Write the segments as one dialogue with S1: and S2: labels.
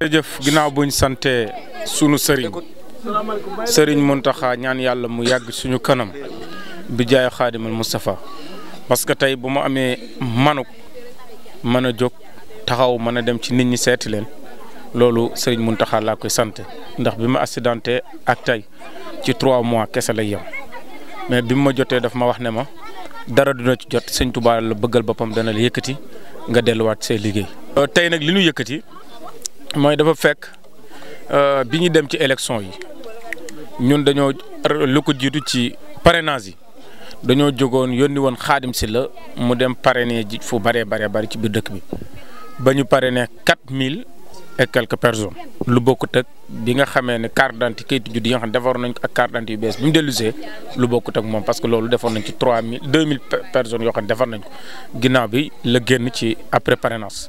S1: jërëjëf ginnaaw buñ sante sunu sëriñ sëriñ Muntaxa ñaan yàlla mu yàgg suñu kanam bi jaay xaadimal Moustapha parce que tey bu ma amee manuk mën a jóg taxaw mën dem ci nit ñi seeti leen loolu sëriñ Muntaxa laa koy sant ndax bi ma accidenté ak tey ci trois mois kese la yem mais bi ma jotee daf ma wax ne ma dara duna ci jot sëñ Tuubaa la bëggal boppam dana la yëkkati nga delluwaat say liggéey. Euh, tey nag li ñu yëkkati. moy dafa fekk euh biñu dem ci élection yi ñun dañoo lu ko jiitu ci parrainage yi dañoo jógoon yónni woon Xaadim Sylla mu dem parrainer ji fu bare bare bare ci biir dëkk bi bañu parrainer 4000 et quelques personnes lu bokkut ak bi nga xamé ne carte d'identité kayitu juddu yi nga xam ne nañ ko ak carte d'identité bëss buñu bi lu bokkut ak mom parce que lolu defoon nañ ci 3000 2000 personnes yo xam ne defar nañ ko ginnaaw bi le génn ci après parrainage.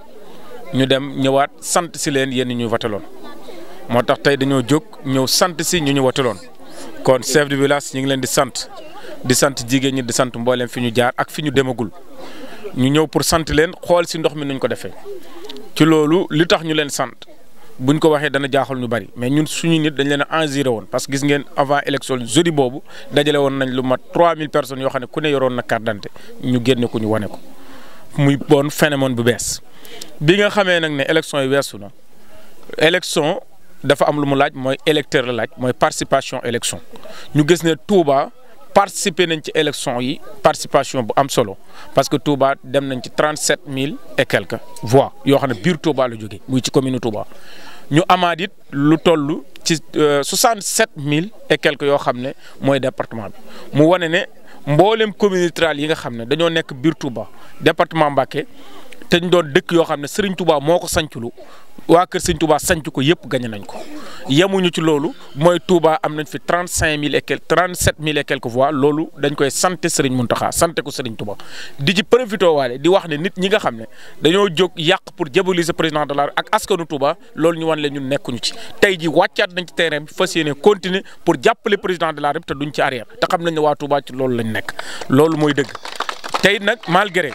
S1: ñu dem ñëwaat sant si leen yéen ñu wataloon moo tax tey dañoo jóg ñëw sant si ñu ñu wataloon kon chef de village ñu ngi leen di sant di sant jigéen ñi di sant mboolem fi ñu jaar ak fi ñu demagul ñu ñëw pour sant leen xool si ndox mi nuñ ko defee ci loolu li tax ñu leen sant buñ ko waxee dana jaaxal ñu bari mais ñun suñu nit dañ leen a engiré woon parce que gis ngeen avant élection jeudi boobu dajale woon nañ lu mat mille personnes yoo xam ne ku ne yoroon na carte d'identité ñu génne ko ñu wane ko muy boon phénomène bu bees. bi nga xamé nak né élection yi élections élection dafa am lu mu électeur la laaj participation élection ñu Nous né Touba participer nañ ci élection participation parce que tout dem nañ ci 37 et quelques voix yo xamné bir Touba la joggé muy ci commune Touba ñu amadit lu ci euh, et quelques yo xamné moy département mu wone né yi nga xamné dañoo nekk Touba département te ñu doon dëkk yoo xam ne Serigne Touba moo ko sanculu waa kër Serigne Touba sanc ko yëpp gañe nañ ko yemuñu ci loolu mooy Touba am nañ fi trente cinq mille et quelques trente sept mille et loolu dañ koy sante mun Mountakha sante ko Serigne Touba di ci profité waale di wax ne nit ñi nga xam ne dañoo jóg yàq pour diaboliser président de la ak askanu Touba loolu ñu wan leen ñun nekkuñu ci tey ji wàccaat nañ ci terrain fas yéene continuer pour jàppale président de la République te duñ ci arrière te xam nañu ne waa Touba ci loolu lañu nekk loolu mooy dëgg tey nag malgré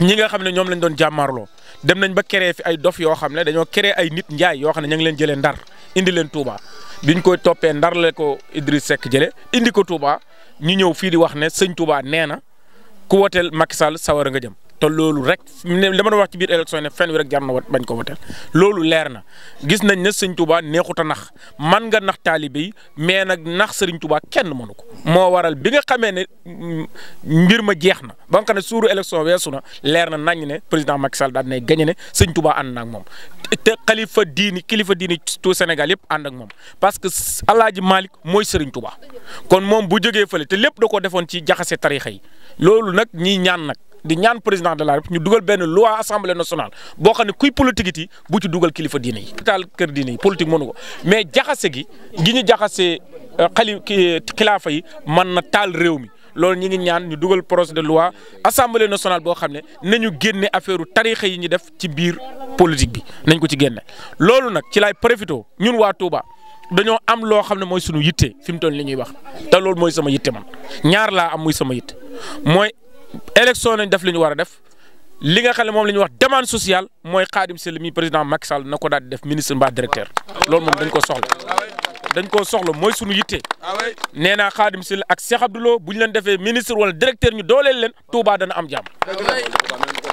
S1: ñi nga xam ne ñoom lañ doon jàmmaarloo dem nañ ba créer fi ay dof yoo xam ne dañoo créer ay nit njaay yoo xam ne ña ngi leen jëlee ndar indi leen Touba biñ koy toppee ndar la ko Idriss Seck jële indi ko Touba ñu ñëw fii di wax ne sëñ Touba nee na ku woteel Macky Sall sawar nga jëm. te loolu rek ne dama doon wax ci biir élection ne fen wi rek jar na bañ ko woteel loolu leer na gis nañ ne sëñ Touba neexut a nax man nga nax taalibe yi mais nag nax sëriñ Touba kenn mënu ko moo waral bi nga xamee ne mm, mbir ma jeex na ba nga xam ne suuru élection weesu na leer na nañ ne président Macky Sall daal di ne gagné ne sëñ Touba ànd na moom te xalifa diini kilifa diini tout Sénégal yëpp ànd ak moom parce que Alaaji Malick mooy sëriñ Touba kon moom bu jógee fële lépp da ko defoon ci jaxase tarixa yi loolu nag ñiy ñaan nag. di ñaan président de la ñu dugal benn loi assemblée national boo xam ne kuy politique yi bu ci dugal kilifa diine yi. taal kër diine yi politique mënu ko mais jaxase gi gi ñu jaxase euh, xali kilaafa yi mën na taal réew mi. loolu ñu ngi ñaan ñu dugal projet de loi assemblée national boo xam ne nañu génne affaire tarixa yi ñu def ci biir politique bi nañ ko ci génne loolu nag ci laay profité ñun waa Touba dañoo am loo xam ne mooy sunu yitte fi mu toll li ñuy wax te loolu mooy sama yitte man ñaar laa am sama yitte élection nañ def li ñu war a def li nga moom la ñuy wax demande sociale mooy Khadim Sylla mi président Macky Sall na ko daal di def ministre mbaa directeur loolu moom dañ ko soxla dañ koo soxla mooy sunu yitte nee naa Khadim ak Cheikh Abdou Lo bu ñu leen defee ministre wala directeur ñu dooleel leen Touba dana am jàmm.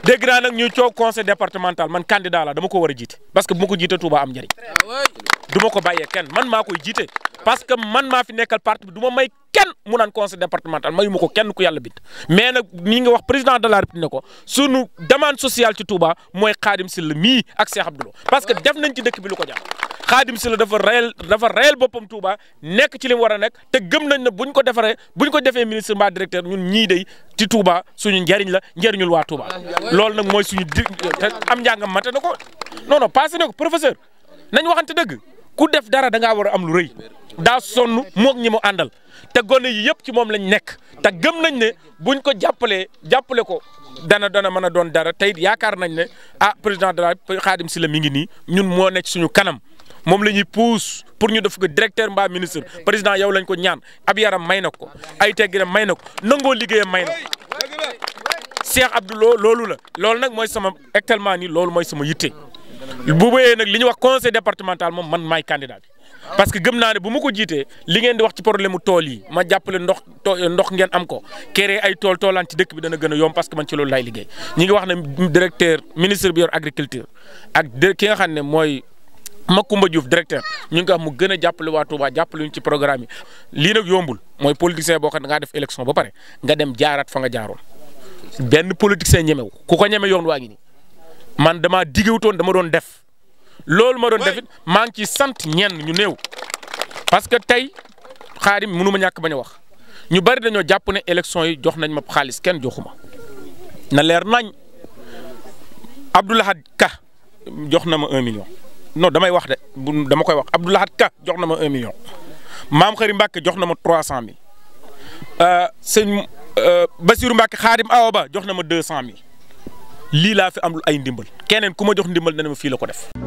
S1: dégg naa nag ñuy conseil départemental man candidat la dama ko war a jiite parce que ma ko jiite Touba am njëriñ du ma ko bàyyee kenn man maa koy kenn mu naan conseil départemental mayu ma ko kenn ku yalla bind mais nag ni nga wax président de la République ne ko sunu demande sociale ci Touba mooy Khadim Sylla mii ak Cheikh Abdou que def nañ ci dëkk bi lu ko jàpp Khadim Sylla dafa reyal dafa reyal boppam Touba nekk ci li mu war a nekk te gëm nañ ne buñ ko defaree buñ ko defee ministre mbaa directeur ñun ñii day ci Touba suñu njëriñ la njëriñul waa Touba loolu nag mooy suñu di am njàngam mate na ko non non passé na ko professeur nañ waxante dëgg ku def dara da ngaa war a am lu rëy daa sonn moog ñi mu àndal te gone yi yëpp ci moom lañ nekk te gëm nañ ne buñ ko jàppalee jàppale ko dana dana mën a doon dara tey yaakaar nañ ne ah président de la Khadim Sylla mi ngi nii ñun moo nekk suñu kanam moom la ñuy pousse pour ñu def ko directeur mbaa ministre président yow lañ ko ñaan ab yaram may na ko ay tegginam may na ko nangoo liggéeyam may na ko Cheikh Abdou loolu la loolu nag mooy sama actuellement nii loolu mooy sama yitte. bu bëyee nag li ñu wax conseil départemental moom man maay candidat bi parce que gëm naa ne bu ma ko jiitee li ngeen di wax ci problème mu tool yi ma jàppale ndox ndox ngeen am ko créer ay tool toolaan ci dëkk bi dana gën a yomb parce que man ci loolu laay liggéey ñi ngi wax ne directeur ministre bi yor agriculture ak ki nga xam ne mooy Macoumba Diouf directeur ñu ngi ko mu gën a jàppale waa Touba jàppale ñu ci programme yi lii nag yombul mooy politicien boo xam ne nga def élection ba pare nga dem jaaraat fa nga jaaroon benn politicien ñemew ku ko ñeme yoon waa ngi nii man dama digewutoon dama doon def loolu ma doon def it maa ngi ciy sant ñenn ñu néew parce que tey xaarim mënu ma ñàkk bañ a wax ñu bari dañoo jàpp ne élection yi jox nañ ma xaalis kenn joxuma na leer nañ Abdoulahad Ka jox na ma un million non damay wax de bu dama koy wax Abdoulahad Ka jox na ma un million maam Xari Mbacke jox na ma trois cent mille euh, sëñ euh, Basirou Mbacke xaarim Awa Ba jox na ma deux cent mille lii laa fi am ay ndimbal keneen ku ma jox ndimbal dana ma fii la ko def.